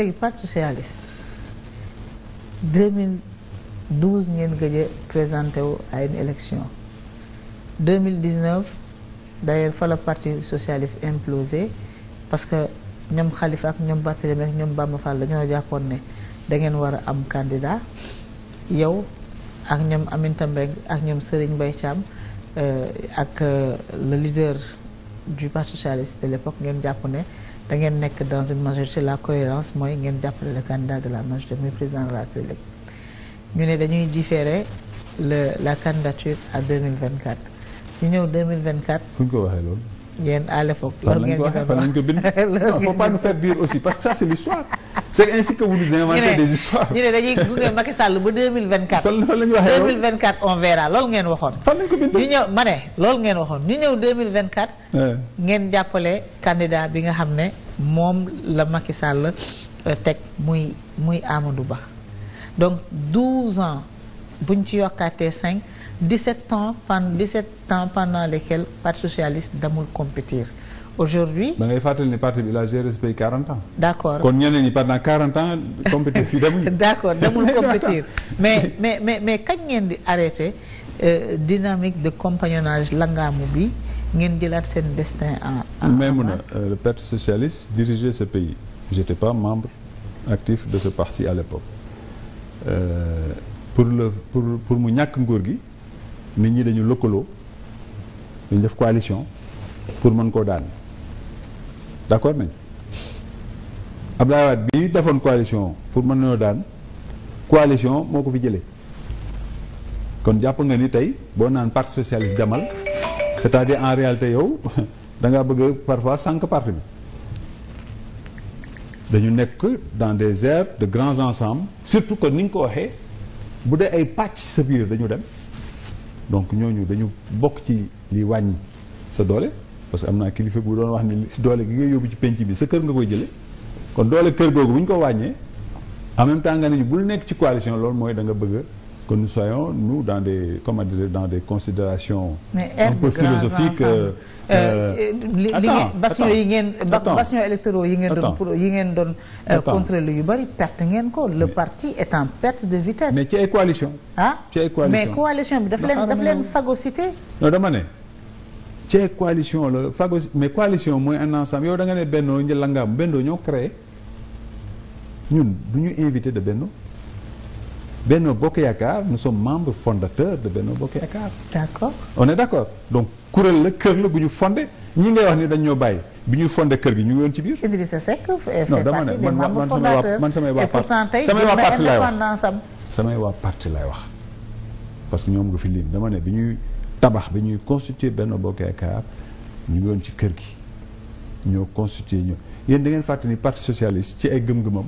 léegi parti socialiste 2012 ngeen gëj a présenté wu à une élection 2019 d'ailleurs fa la parti socialiste implosé parce que ñoom xalifa ak ñoom Barthélémy ak ñoom Bamba Fall dañoo jàppoon ne da ngeen war a am candidat yow ak ñoom Aminata Mbengue ak ñoom Serigne Mbaye Thiam ak le leader du parti socialiste de l'époque ngeen jàpp ne. dangeen nekk dans une majorité la cohérence mooy ngeen jàppale le candidat de la majorité muy président de la République ñu ne dañuy différer le la candidature à 2024 ñëw fu ñu ko waxee loolu. yéen à l'époque. loolu ngeen ko waxee fan lañ faire dire aussi parce que ça c'est l'histoire c'est ainsi que vous nous inventez des ñu ne dañuy gunge Macky Sall ba deux mille vingt quatre. fan fan la ñu waxee deux mille vingt quatre on verra loolu ngeen waxoon. fan la ñu ko bind ñu ñëw ma ne loolu ngeen waxoon ñu ñëw deux mille vingt ngeen jàppale candidat bi nga xam ne moom la Macky la euh, teg muy muy Amadou Ba donc douze ans buñ ci yokkaatee cinq dix sept ans pendant dix sept ans pendant lesquels parti socialiste damul compétir. aujourd'hui da ngay ni parti bi il a géré ce pays 40 ans. d' accord kon ñeneen ñi pendant 40 ans compétir fii demuñu. d' accord demul mais mais mais mais kañ ngeen di arrêté euh, dynamique de compagnonnage langaamu bi ngeen jëlaat seen destin en. en même na euh, le parti socialiste dirigeait ce pays j' étais pas membre actif de ce parti à l'époque euh, pour le pour pour mu ñàkk nguur gi nit ñi dañu lëkkaloo dañu def coalition pour mën koo daan. d' accord nañ Abdoulaye Wade bii defoon coalition pour mën nañoo daan coalition moo ko fi jëlee kon jàpp nga ni tey boo naan parti socialiste demal c' à dire en réalité yow da ngaa bëgg parfois sànq parti bi dañu nekk dans des aires de grands ensembles surtout que ni nga ko waxee bu dee ay pàcc sa biir dañu dem donc ñooñu dañu bokk ci li wàññi sa doole. parce que am naa kilifa bu doon wax ni doole gi ngay yóbbu ci penc bi sa kër nga koy jële kon doole kër googu bu ñu ko wàññee en même temps nga ne bul nekk ci coalition loolu mooy da nga bëgg que nous soyons nous dans des comment dire dans des considérations un peu philosophiques euh, euh, euh, li ngeen bastion yi ngeen bastion électoraux yi ngeen doon pro yi ngeen doon contrôler yu bari perte ngeen ko le parti est en perte de vitesse mais ci ay coalition ah ci ay coalition mais coalition bi daf leen ah, daf leen phagocyté non dama ne ce coalition la fagos mais coalition mooy un ensemble yow da nga ne bennoo një langaam bennoo ñoo créé ñun du ñu invité de bennoo Benno Bokk Yaakaar nous sommes membres fondateurs de Benno Bokk Yaakaar. d'accord on est donc kuréel la kër la bu ñu fondé ñi ngay wax ni dañ ñoo bàyyi bu ñuy fonde kër gi ñu ngi woon ci biir. Idrissa Seck fait partie des dama ne man samay waa parti samay waa parti laay wax samay laay wax parce que ñoom nga fi lim dama ne bi ñuy. tabax bi ñuy constituer benn Bokk Yaakaar ñu ngi ci kër gi ñoo constituer ñoo yéen da ngeen fàttali ni parti socialiste ci ay gëm-gëmam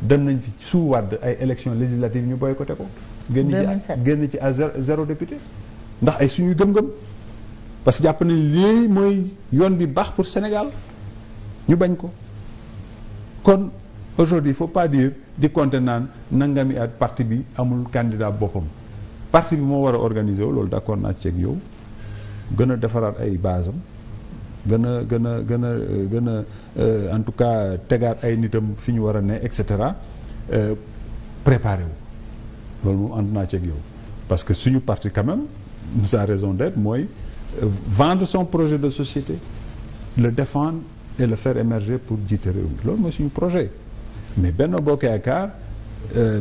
dem nañ fi suu wàdd ay élections législatives ñu boycotté ko. génn ci génn ci à zéro député ndax ay suñuy gëm-gëm parce que jàpp nañ lii mooy yoon bi baax pour Sénégal ñu bañ ko kon aujourd'hui il faut pas dire di compter naan nangami at parti bi amul candidat boppam. partie bi moo war a organiser wu loolu d'accord naa ceeg yow gën a defaraat ay base gën a gën a gën a gën a euh, en tout cas tegaat ay nitam fi ñu war a ne et cetera euh, préparé wu loolu moom ànd naa ceeg yow parce que suñu parti quand même sa raison d'être mooy euh, vendre son projet de société le défendre et le faire émerger pour jiita réew mi loolu mooy suñu projet mais Benno Bokk Yaakaar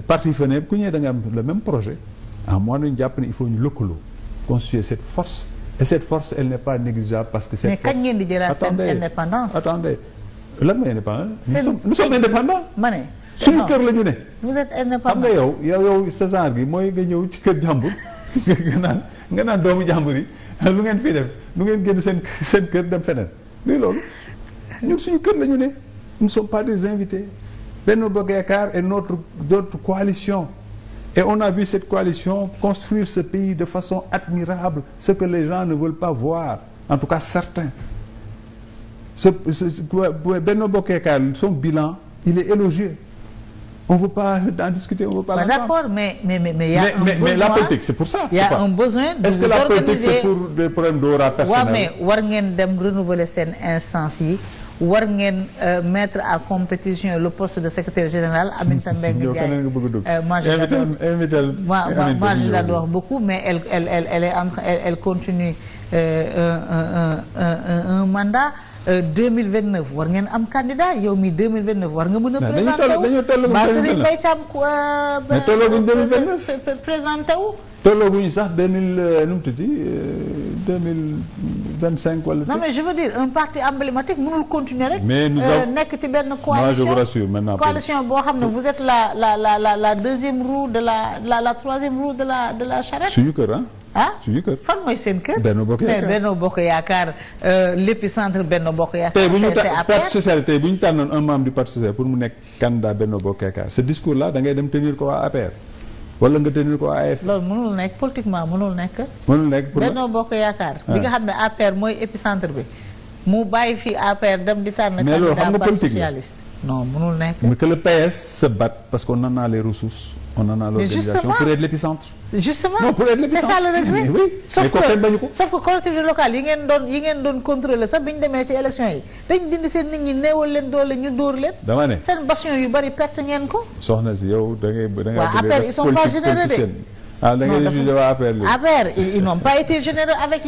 parti feneen ku ñëwee da nga am le même projet ah moo nañu jàpp ne il faut ñu lëkkaloo constituer cette force et cette force elle n'est pas négligeable parce que cette mais force mais kañ ngeen di jëlaat indépendance attendez lan mooy indépendance nous sommes nous sommes indépendants ma ne suñu kër la ñu ne vous êtes indépendant xam nga yow yow yow sa genre mooy nga ñëw ci kër jàmbur nga naan nga naan doomu jàmbur yi lu ngeen fii def lu ngeen génn seen seen kër dem feneen loolu ñun suñu kër la ñu ne nous ne pas des invités Benno Bokk Yaakaar et notre notre coalition Et on a vu cette coalition construire ce pays de façon admirable, ce que les gens ne veulent pas voir, en tout cas certains. Ce, ce, ce Benno Bokekar, son bilan, il est élogieux. On ne veut pas en discuter, on ne veut pas bah D'accord, mais mais, mais, mais, y a mais, un besoin, mais la politique, c'est pour ça. Il y a pas. un besoin de Est-ce que la politique, c'est pour des problèmes d'aura personnelle Oui, mais vous devez renouveler cette instance war ngeen euh, mettre à compétition le poste de secretaire général Aminata Mbengue Ndiaye moi je l'adore beaucoup mais elle elle elle elle est entre elle, elle continue euh, un, euh, un, euh, un, mandat war ngeen am candidat yow mi 2029 war nga mën a. présenté wu dañoo toll dañoo toll présenté wu. sax 2000 nu mu tudd vingt cinq wala. non mais je veux dire un parti emblématique mënul continuer rek. mais euh, nekk ci benn. coalition moi boo xam ne vous êtes la la la la la deuxième roue de la la la troisième roue de la de la charrette. suñu kër ah. ah suñu kër fan mooy seen kër. Benno Bokk Yaakaar mais Yaakaar euh, l'épicentre Benno Bokk Yaakaar. tey bu ñu parti social tey bu ñu tànnoon un membre pour mu nekk candidat Benno Bokk Yaakaar ce discours là da dem tenir ko waa wala nga tenir ko AFP. loolu mënul nekk politiquement mënul nekk. mënul nekk pour Benno Bokk Yaakaar. bi nga ah. xam ne APR mooy épicentre bi mu bàyyi fii APR dem di tànn. candidat parti socialiste non mënul nekk. mais que le PS se batte parce qu'on en a les ressources. on en a l'organisation pour être l'épicentre. justement non pour être l'épicentre c'est ça le regret. que collectivité locale yi ngeen doon yi ngeen doon contrôler sax bi ñu demee ci élection yi dañ dindi seen nit ñi néewal leen doole ñu dóor leen. dama ne seen bastion yu bari perte ngeen ko. soxna si yow da ngay da ngay bëgg a ils sont pas généreux de. ah da ngeen di jugé waa APR léegi. APR ils n'ont pas été généreux avec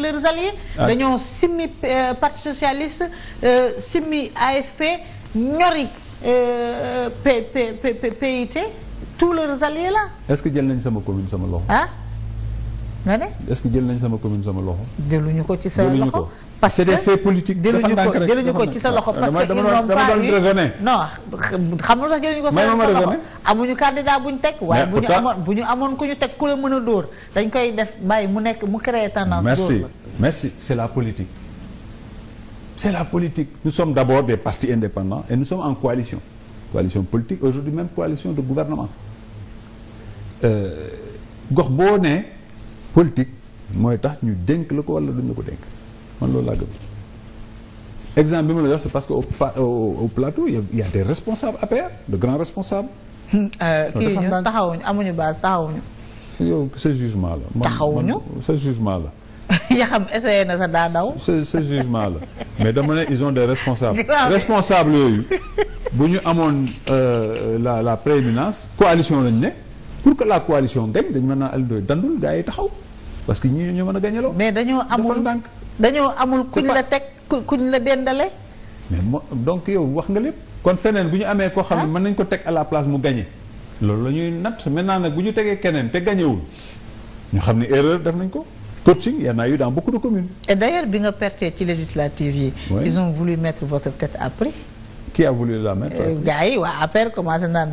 PIT tous leurs alliés là. est-ce que jël nañ sama commune sama loxo. ah nga ne. est-ce jël nañ sama commune sama loxo. jëluñu ko ci sa loxo. parce que c'est politique faits politiques. dafa ndànk rek jëluñu ko ci sa loxo ah, parce dama doon dama doon raisonné. non xam nga lu tax jëluñu ko sa loxo amuñu ah, candidat bu ñu teg. waaye bu ñu amoon bu ñu amoon ku ñu teg ku la mën a dóor dañ koy def bàyyi mu nekk mu créer tendance. dóor la merci merci c'est la politique. c'est la politique nous sommes d'abord des partis indépendants et nous sommes en coalition coalition politique aujourd'hui même coalition de gouvernement euh, gox boo ne politique mooy tax ñu dénk la ko wala duñ la ko dénk man loolu laa gëm exemple ma la jox c'est parce que au, au, au plateau il y, a des responsables APR de grands responsables hmm, euh, kii ñu taxawuñu amuñu base taxawuñu yow ce la taxawuñu ce jugement la yaa xam essayé sa daa daw. ce ce la mais dama ne ils ont des responsables. yooyu bu ñu amoon euh, la la prééminence. coalition lañ ne pour que la coalition gagne dañ mën naa Alioune dandul gars yi taxaw parce que ñii ñoo mën a gañaloo. mais dañoo amul dañoo amul kuñ la teg kuñ la dendale. mais mo donc yow wax nga lépp. kon feneen bu ñu amee koo xam ne ah. mën nañ ko teg à la place mu gagné. loolu la ñuy natt naa nag bu ñu tegee keneen te gañewul ñu xam ne erreur def nañ ko. coaching il y en dans beaucoup de communes. et d'ailleurs bi nga pertee ci législative yi. Oui. ils ont voulu mettre votre tête à prix. qui a voulu la mettre. Euh, gars yi waa APR commencé naan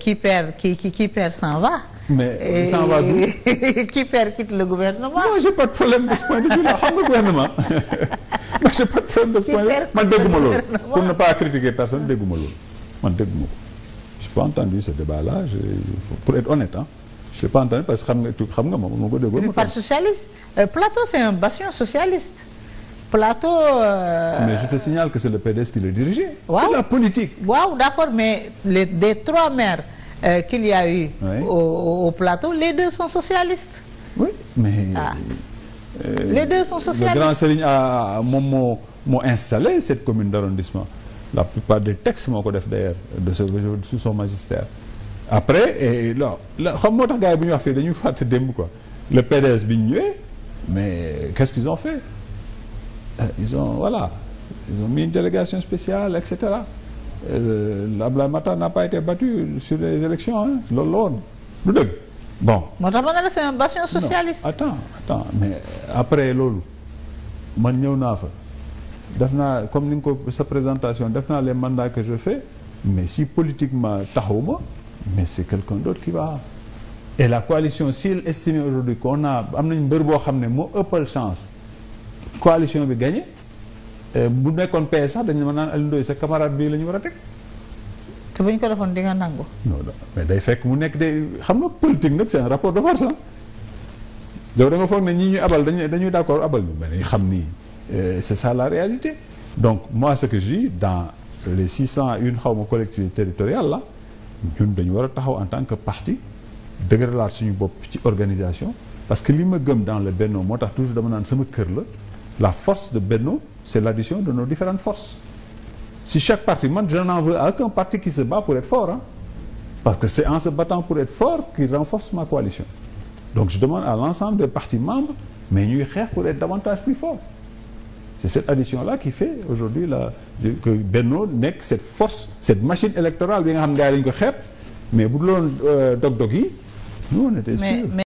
qui perd qui qui qui perd s'en va. mais s'en va d'où le gouvernement. non j'ai pas de problème de ce point de vue là xam nga gouvernement non j'ai pas de problème de ce point de vue man dégguma loolu pour ne pas critiquer personne dégguma loolu man dégguma ko. j'ai pas entendu ce débat là je je n'ai pas entendu parce xam nga tu xam nga moom moo ko déggoo. du parti socialiste euh, Plateau c'est un bastion socialiste. Plateau. Euh, mais je te signale que c'est le PDS qui le dirigeait. waaw c'est la politique. waaw d'accord mais des trois maires euh, qu'il y a eu. Oui. Plateau les deux sont socialistes. oui mais. Ah. les deux sont socialistes le grand Serigne a moom moo moo installé cette commune d'arrondissement la plupart des textes moo ko def d'ailleurs de sous son magistère. après non xam moo tax gars bu ñuy wax fii dañuy fàtte démb ko le PDS bi ñu mais qu'est-ce qu'ils fait euh, ils ont voilà ils ont mis une délégation spéciale et cetera euh, Abdoulaye Makhtar n'a pas été battu sur les élections loolu la woon lu dëgg bon. moo tax ma ne la c'est un bastion socialiste. non attends mais après loolu man ñëw naa fa def naa comme ni nga ko sa présentation def naa les mandats que je fais mais si politiquement taxawuma. mais c'est quelqu'un d'autre qui va et la coalition s'il estime aujourd'hui qu'on a am nañ mbër boo xam ne moo ëppal chance coalition bi gagné bu nekkoon PS sax dañu mën naan Alioune Ndoye sa camarade bii la ñu war a teg. te bu ñu ko defoon di nangu. mais day fekk mu nekk day xam nga politique nag c'est un rapport de force ah. yow da nga foog ne ñi ñuy abal dañuy dañuy d'accord abal ñu mais dañuy xam ni euh, c'est ça la réalité donc mois ce que je dans les six cent une xaw ma collectivité territoriale là. ñun dañu war a taxaw en tant que parti dëgëralaat suñu bopp ci organisation parce que li ma gëm dans le Benno moo tax toujours dama naan sama kër la la force de Benno c'est l'addition de nos différentes forces si chaque parti man je n'en veux à parti qui se bat pour être fort parce que c'est en se battant pour être fort qu'il renforce ma coalition donc je demande à l'ensemble des partis membre mais ñuy xeex pour être davantage plus fort C'est cette addition-là qui fait aujourd'hui la que Benno nekk cette force cette machine électorale bi nga xam ne gars yi dañu ko xeeb mais bu dul woon euh, dog-dog yi nous on était sûr